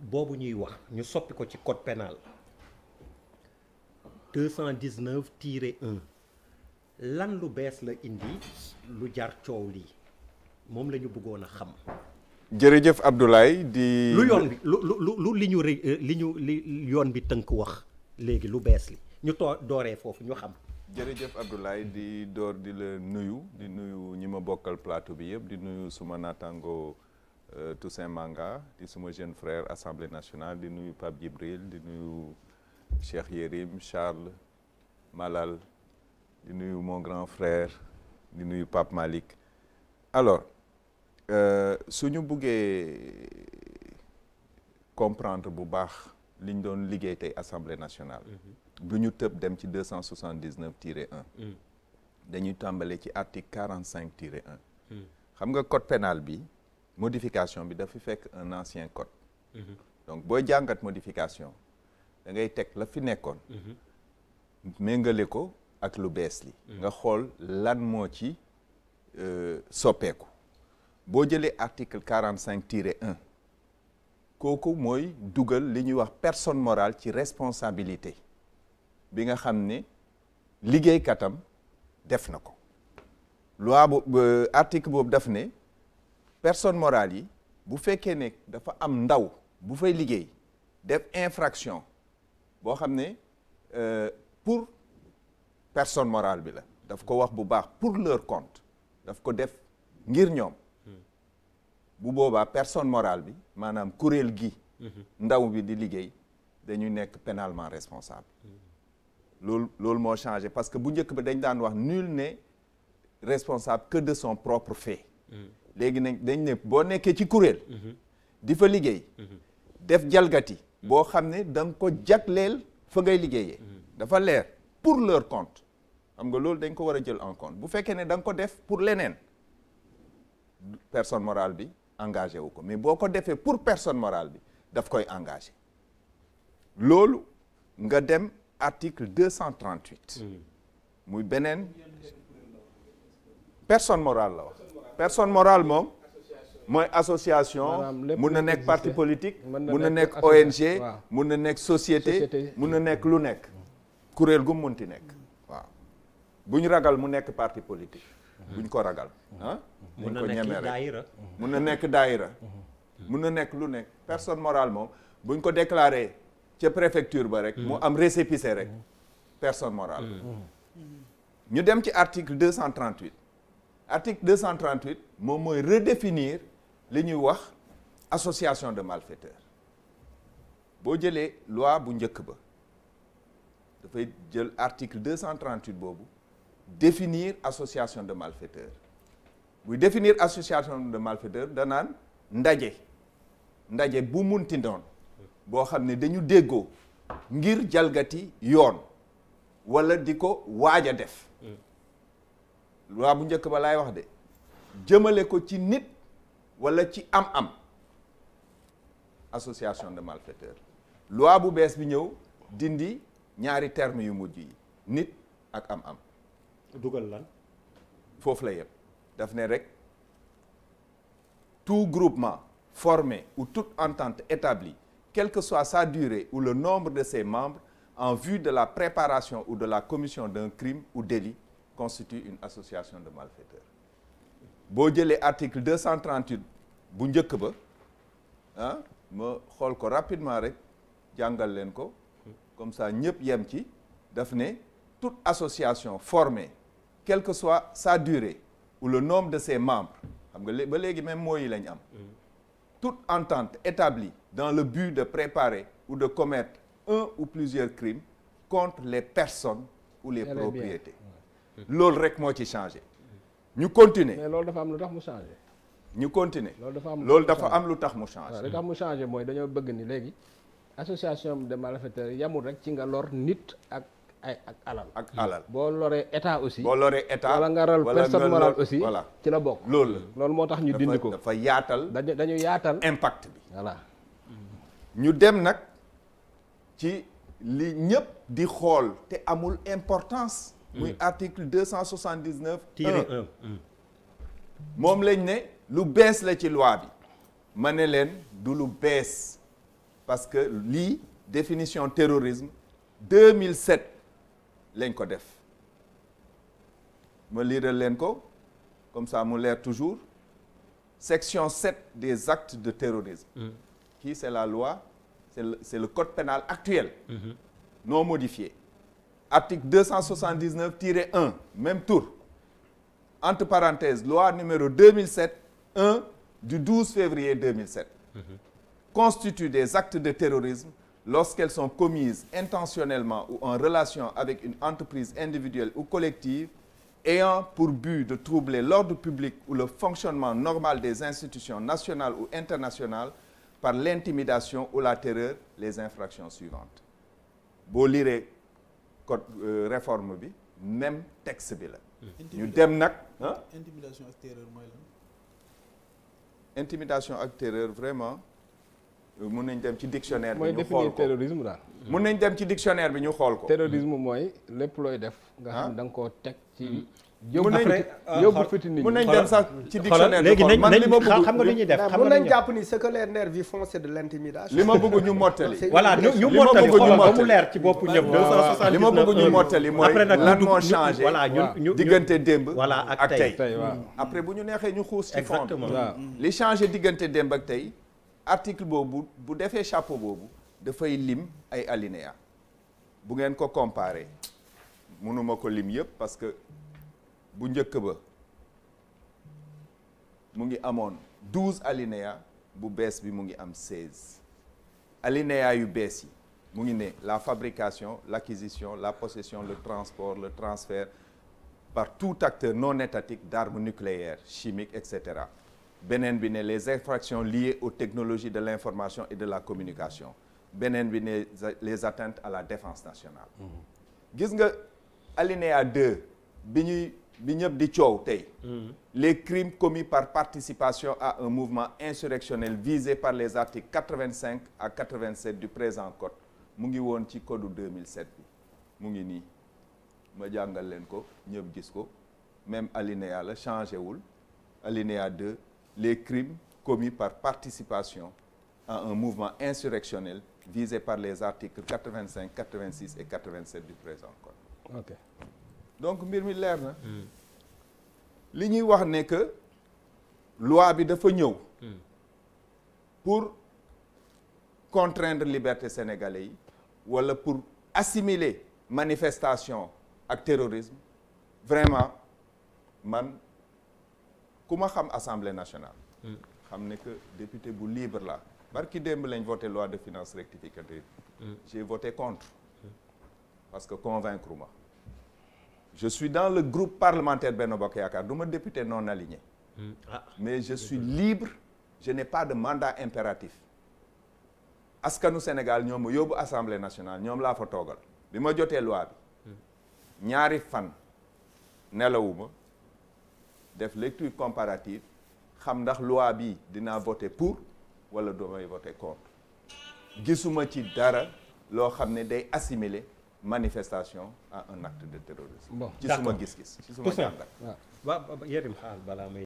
boobu ñuy wax ñu soppi ko ci code pénal 219 tiré 1 lan lu bees la indi lu jar coow lii moom lañu ñu bëggoon a xam. jërëjëf Abdoulaye di. lu yoon bi li ñu euh, li ñu li yoon bi tënk wax léegi lu bees li ñu too dooree foofu ñu xam. jërëjëf Abdoulaye di door di la nuyu di nuyu ñi ma bokkal plateau bi yëpp di nuyu suma naataango. Euh, Toussaint Manga di suma jeune frère assemblée nationale di nuyu Pape Djibril di nuyu Cheikh Yérim Charles Malal di nuyu mon grand frère di nuyu Pape Malick alors euh, su ñu buggee comprendre bu baax li ñu doon liggéey tey assemblée nationale. du mhm. ñu tëb dem ci deux cent soixante dix neuf tiré un. Mhm. dañuy tàmbale ci article quarante cinq tiré un. Mhm. xam nga code pénal bi. modification bi dafa fekk un ancien code mhm. donc booy jàngat modification da ngay teg la fi nekkoon mhm. méngale ko ak lu bees li mhm. nga xool lan moo ci euh, soppeeku boo jëlee article quarante cinq tiré kooku mooy dugal li ñuy wax personne morale ci responsabilité bi nga xam ne liggéeykatam def na ko loi boobu euh, article boobu daf ne personne morale yi bu fekkee ne dafa am ndaw bu fay liggéey def infraction boo xam ne euh, pour personne morale bi la daf ko wax bu baax pour leur compte daf ko def ngir ñoom bu boobaa personne morale bi maanaam kuréel gi ndaw bi di liggéey dañu nekk pénalement responsable loolu loolu moo changé parce que bu njëkk bi dañ daan wax nul ne responsable que de son propre fait léegi nañ dañ ne boo nekkee ci kuréel di fa liggéey def jalgati boo xam ne da nga ko jagleel fa ngay liggéeyee dafa leer pour leur compte xam nga loolu dañ ko war a jël en compte bu fekkee ne danga ko def pour leneen personne morale bi engagé wu ko mais boo ko defee pour personne morale bi daf koy engagé loolu nga dem article deux cent trente mm. muy beneen personne morale la wax personne morale moom mooy association mun na nekk parti politique mun na nekk ONG mun na nekk société mun na nekk lu nekk kuréel gu munti nekk waaw bu ñu ragal mu nekk parti politique bu ko ragal ah buñ ko ñemee rek mun na nekk daayira mun na nekk lu nekk personne morale moom buñ ko déclaré ca préfecture ba rek mu mm. am récépissé rek mm. personne morale mm. ñu dem ci article deux cent article 238 moom mooy redéfinir li ñuy wax association de malfaiteurs boo jëlee loi bu njëkk ba dafay jël article 238 boobu définir association de malfaiteurs buy definir association de da naan ndaje ndaje bu munti doon boo xam ne dañu déggoo ngir jalgati yoon wala di ko waaj a def loi bu njëkk ba laay wax de jëmale ko ci nit wala ci am-am association de malfaiteurs loi bu bees bi ñëw dindi ñaari terme yu mujj yi nit ak am-am. dugal lan. foofu la yëpp daf ne rek tout groupement formé ou toute entente établie quelle que soit sa dure ou le nombre de ses membres en vue de la préparation ou de la commission d'un crime ou délit constitue une association de malfaiteurs boo jëlee article 238 bu njëkk ba ah ma xool ko rapidement rek jàngal leen ko comme ça ñëpp yem ci daf ne toute association formée quelle que soit sa durée ou le nombre de ses membres xam nga ba léegi même mooy yi lañ am toute entente établie dans le but de préparer ou de commettre un ou plusieurs crimes contre les personnes ou les propriétés loolu rek moo ci changé ñu continuer mais loolu dafa am lu tax mu changé ñu continuer loolu dafa am loolu dafa am lu tax mu changé lu tax mu changé mooy dañoo bëgg ni léegi association de malfaiteurs yamul rek ci nga lor nit ak ay ak alal ak alal boo loree état aussi boo loree état wala nga ral personne morale aussi voilà ci la bokk loolu la loolu moo tax ñu dindi ko dafa yaatal dañu dañu yaatal impact bi voilà ñu dem nag ci li ñëpp di xool te amul importance muy mm. article deux cent soixante dix neuf tiré un mm. moom lañ ne lu bees la ci loi bi ma ne leen du lu bees parce que lii définition terrorisme 2007 lañ ko def ma liiral leen ko comme ça mu leer toujours section 7 des actes de terrorisme mm. qui c'est la loi c'est le, c'est le code pénal actuel mm non modifié article 279 tiré 1 même tour entre parenthèses loi numéro 2007 1 du 12 février 2007 mmh. constitue des actes de terrorisme lorsqu'elles sont commises intentionnellement ou en relation avec une entreprise individuelle ou collective ayant pour but de troubler l'ordre public ou le fonctionnement normal des institutions nationales ou internationales par l'intimidation ou la terreur les infractions suivantes boo lire code euh, réforme bi même texte bi la. ñu dem nag ah. intimidation ak mooy lan. intimidation ak terreur vraiment euh, mun nañ dem ci dictionnaire bi. ñu xool ko mooy définir terrorisme daal. mun nañ dem ci dictionnaire bi ñu xool ko. terrorisme mooy lépp looy def. nga xam da nga teg ci. Mm-hmm. yóbbu après yóbbu fiti nit ñi mun nañ dem sax ci dictionnaire léegi nañ xam xam nga li ma bëgg ñu mottali voilà ñu mottali xoolal ba mu leer ci bopp ñëpp deux cent soixante li ma bëgg ñu mottali mooy lan moo changé ñu diggante démb ak tey après bu ñu neexee ñu xuus ci fond mm. li changé diggante démb ak tey article boobu bu defee chapeau boobu dafay lim ay alinéa bu ngeen ko comparé mënuma ko lim yëpp parce que bu njëkk ba mu ngi amoon douze alinéa bu bees bi mu ngi am seize alinéa yu bees yi mu ngi ne la fabrication l'acquisition la possession le transport le transfert par tout acteur non étatique d'armes nucléaires chimiques etc beneen bi ne les infractions liées aux technologies de l'information et de la communication beneen bi ne les atteintes à la défense nationale mm-hmm. gis nga alinéa bi ñuy bi ñëpp di coow tey mm-hmm. les crimes commis par participation à un mouvement insurrectionnel visé par les articles 85 à 87 du présent code mu ngi woon ci code 2007 bi mu ngi nii ma jàngal leen ko ñëpp gis ko même alinéa la changé wul alinéa 2 les crimes commis par participation à un mouvement insurrectionnel visé par les articles 85 86 et 87 du présent code ok donc mbir mi leer na. Hmm. li ñuy wax ne que loi bi dafa ñëw. Hmm. pour contraindre liberté sénégalais yi wala pour assimiler manifestation ak terrorisme vraiment man ku ma xam assemblée nationale. Hmm. xam ne que député bu libre la barki démb lañ voté loi de finance rectificative. j'ai voté contre. parce que convaincre ma. je suis dans le groupe parlementaire benn Bokk Yaakaar du ma député non aligné mmh. ah. mais je suis libre je n'ai pas de mandat impératif askanu Sénégal ñoom ma yóbbu assemblée nationale ñoom laa fa toogal bi ma jotee loi bi hmm. ñaari fan nelawuma def lecture comparative xam ndax loi bi dinaa voter pour wala doomay voter contre gisuma ci dara loo xam ne day assimiler manifestation à un acte de terrorisme. bon ci suma gis-gis. ci suma jàngat waaw waaw Yérim xaar balaa may.